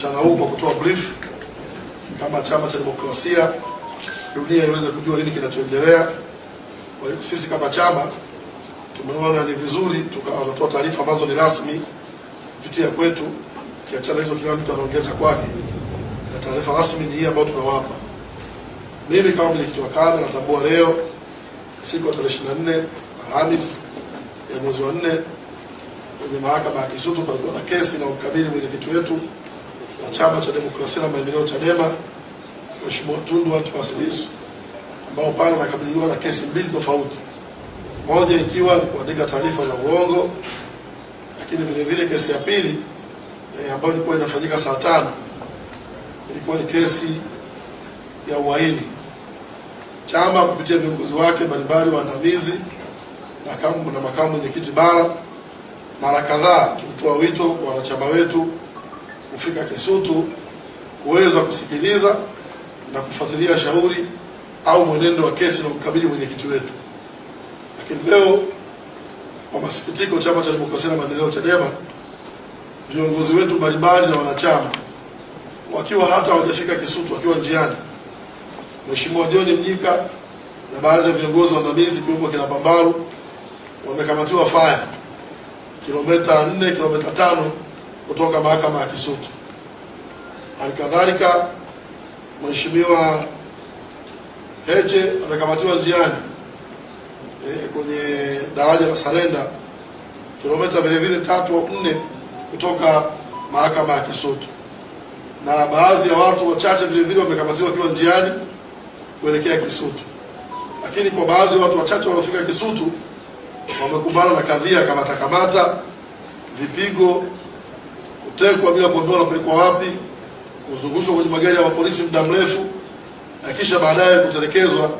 Mchana huu kwa kutoa brief kama chama cha demokrasia, dunia iweze kujua nini kinachoendelea. Kwa hiyo sisi kama chama tumeona ni vizuri tukatoa taarifa ambazo ni rasmi kupitia kwetu, kiachana hizo, kila mtu anaongeza kwake, na taarifa rasmi ni hii ambayo tunawapa. Mimi kama mwenyekiti wa kanda natambua leo siku ya tarehe 24 Alhamis ya mwezi wa 4 kwenye mahakama ya Kisutu palikuwa na kesi na ukabili mwenyekiti wetu Chama cha Demokrasia na Maendeleo, Chadema, Mheshimiwa Tundu Antipas Lissu, ambao pale anakabiliwa na kesi mbili tofauti, moja ikiwa ni kuandika taarifa za uongo, lakini vile vile kesi ya pili e, ambayo ilikuwa inafanyika saa tano ilikuwa ni kesi ya uhaini. Chama kupitia viongozi wake mbalimbali waandamizi na makamu mwenyekiti bara, mara kadhaa tulitoa wito kwa wanachama wetu kufika Kisutu kuweza kusikiliza na kufuatilia shauri au mwenendo wa kesi na kumkabili mwenyekiti wetu. Lakini leo kwa masikitiko, chama cha demokrasia na maendeleo CHADEMA, viongozi wetu mbalimbali na wanachama wakiwa hata hawajafika Kisutu, wakiwa njiani, Mheshimiwa John Mnyika na baadhi ya viongozi waandamizi kiwepo kina Pambaru wamekamatiwa faya kilomita nne kilomita tano kutoka mahakama ya Kisutu. Halikadhalika, Mheshimiwa Heche amekamatiwa njiani e, kwenye daraja la Salenda kilomita vile vile tatu au nne kutoka mahakama ya Kisutu, na baadhi ya watu wachache vile vile wamekamatiwa wakiwa njiani kuelekea Kisutu, lakini kwa baadhi ya watu wachache waliofika Kisutu wamekumbana na kadhia kamata kamata, vipigo kutekwa bila kuambiwa anapelekwa wapi, kuzungushwa kwenye magari ya mapolisi muda mrefu na kisha baadaye kutelekezwa